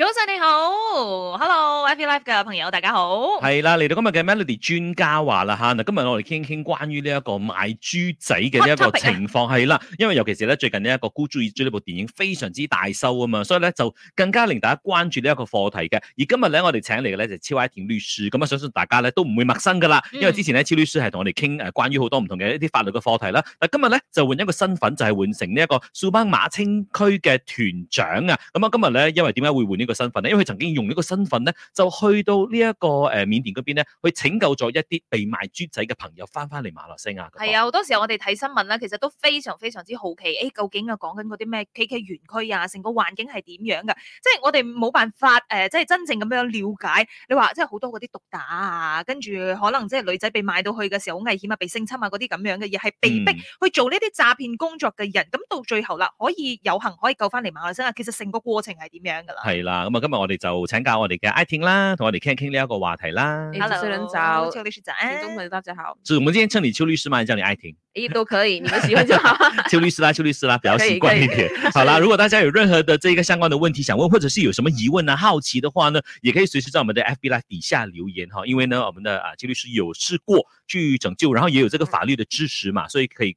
早晨，你好，Hello，Happy Life 嘅朋友，大家好。係啦，嚟到今日嘅 Melody 專家話啦吓，嗱，今日我哋傾一傾關於呢一個賣豬仔嘅一個情況係啦，因為尤其是咧最近呢一個《孤注一擲》呢部電影非常之大收啊嘛，所以咧就更加令大家關注呢一個課題嘅。而今日咧我哋請嚟嘅咧就是邱愛婷律師，咁啊相信大家咧都唔會陌生噶啦，因為之前咧邱律師係同我哋傾誒關於好多唔同嘅一啲法律嘅課題啦。嗱，今日咧就換一個身份，就係換成呢一個梳邦馬青區嘅團長啊。咁啊，今日咧因為點解會換呢個？身份咧，因為佢曾經用呢個身份咧，就去到、這個呃、緬那邊呢一個誒緬甸嗰邊咧，去拯救咗一啲被賣豬仔嘅朋友翻翻嚟馬來西亞。係啊，好多時候我哋睇新聞啦，其實都非常非常之好奇，誒究竟啊講緊嗰啲咩 KK 園區啊，成個環境係點樣㗎？即係我哋冇辦法誒，即、呃、係真正咁樣了解。你話即係好多嗰啲毒打啊，跟住可能即係女仔被賣到去嘅時候好危險啊，被性侵啊嗰啲咁樣嘅嘢，係被逼去做呢啲詐騙工作嘅人，咁、嗯、到最後啦，可以有幸可以救翻嚟馬來西亞，其實成個過程係點樣㗎啦？係啦、啊。咁、嗯、啊，今日我哋就請教我哋嘅愛婷啦，同我哋看看傾呢一個話題啦。h、hey, e 邱律師中文大家好。就唔今天稱你邱律師嘛，叫你愛婷。誒、hey，都可以，你們喜歡就好。邱 律師啦，邱律師啦，比較習慣一點。 好啦，如果大家有任何的這個相關的問題想問，或者是有什麼疑問啊、好奇的話呢，也可以隨時在我們的 FB Live 底下留言哈。因為呢，我們的啊邱律師有試過去拯救，然後也有這個法律的支持嘛， 所以可以。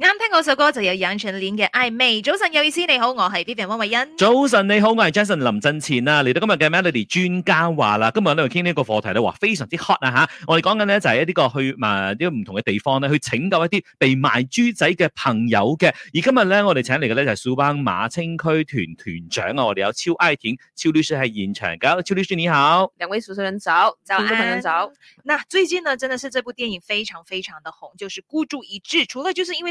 啱聽我首歌就有楊丞琳嘅曖昧，早晨，有意思，你好，我係 Vivian 汪慧欣。早晨你好，我係 Jason 林振前啊，嚟到今日嘅 Melody 專家話啦，今日呢去傾呢個課題咧話非常之 hot 啊吓，我哋講緊咧就係一啲個去埋啲唔同嘅地方咧去拯救一啲被賣豬仔嘅朋友嘅，而今日咧我哋請嚟嘅咧就係、是、梳邦馬青區團團長啊，我哋有邱愛婷邱律師喺現場嘅，邱律師你好，兩位主持人走，早安。主持人早。那最近呢，真的是這部電影非常非常的紅，就是孤注一擲，除了就是因為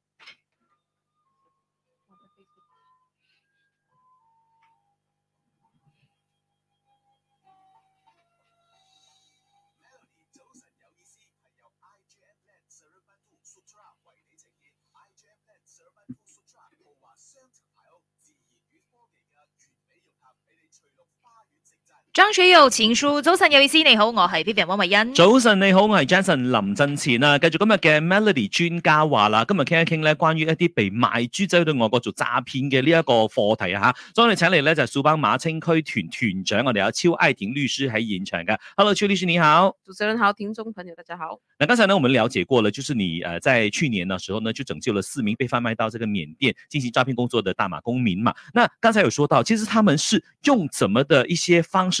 張學友情書，早晨有意思，你好，我係 Vivian 溫慧欣。早晨你好，我係 Jason 林振前啊。繼續今日嘅 Melody 專家話啦，今日傾一傾咧關於一啲被賣豬仔去到外國做詐騙嘅呢一個課題吓。所以我哋請嚟咧就係梳邦馬青區團團長，我哋有邱愛婷律師喺現場。Hello，邱律師你好，主持人好，聽眾朋友大家好。嗱剛才呢，我們了解過了，就是你誒，在去年的時候呢，就拯救了四名被販賣到這個緬甸進行詐騙工作的大馬公民嘛。那剛才有說到，其實他們是用怎麼的一些方式？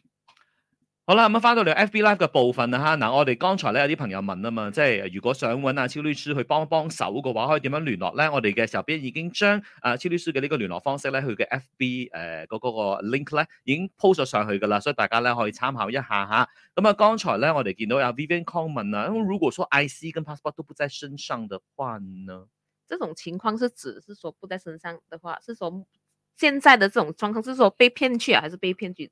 好啦，咁、嗯、翻到嚟 FB Live 嘅部分啦吓，嗱，我哋剛才咧有啲朋友問啊嘛，即係如果想揾阿、啊、超律師去幫幫手嘅話，可以點樣聯絡咧？我哋嘅小編已經將誒、呃、超律師嘅呢個聯絡方式咧，佢嘅 FB 誒、呃、嗰、那個那個 link 咧，已經 post 咗上去噶啦，所以大家咧可以參考一下吓。咁、嗯、啊，剛才咧我哋見到阿、啊、Vivian comment 啊，咁如果說 IC 跟 passport 都不在身上的話呢？這種情況是指是說不在身上的話，是說現在的這種狀況是說被騙去啊，還是被騙去？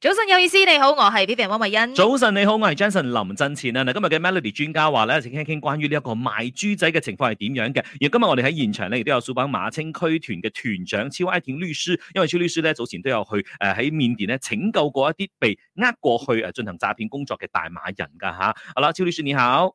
早晨有意思，你好，我係 Vivian 汪慧欣。早晨你好，我係 Jenson 林振前啦。嗱，今日嘅 Melody 專家話咧，談一齊傾傾關於呢一個賣豬仔嘅情況係點樣嘅。而今日我哋喺現場咧，亦都有梳邦馬青區團嘅團長邱愛婷律師，因為邱律師咧早前都有去誒喺、呃、緬甸咧拯救過一啲被呃過去誒進行詐騙工作嘅大馬人噶吓。好啦，邱律師你好。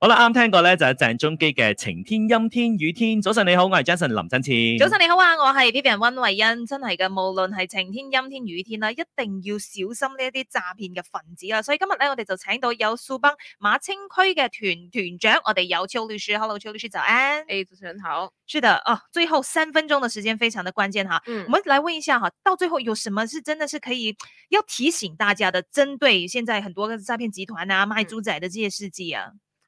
好啦，啱聽過咧就係鄭中基嘅晴天陰天雨天。早晨你好，我係 Jason 林振千。早晨你好啊，我係 Vivian 溫慧欣。真係嘅，無論係晴天陰天雨天啦，一定要小心呢一啲詐騙嘅分子啊。所以今日咧，我哋就請到有梳邦馬青區嘅團團長，我哋有邱律師。Hello，邱律師早安。誒、hey, 主持人好。是的哦，最後三分鐘嘅時間非常的關鍵哈。嗯，我們來問一下哈，到最後有什麼是真的是可以要提醒大家的？針對現在很多個詐騙集團啊，賣豬仔的這些事跡啊。嗯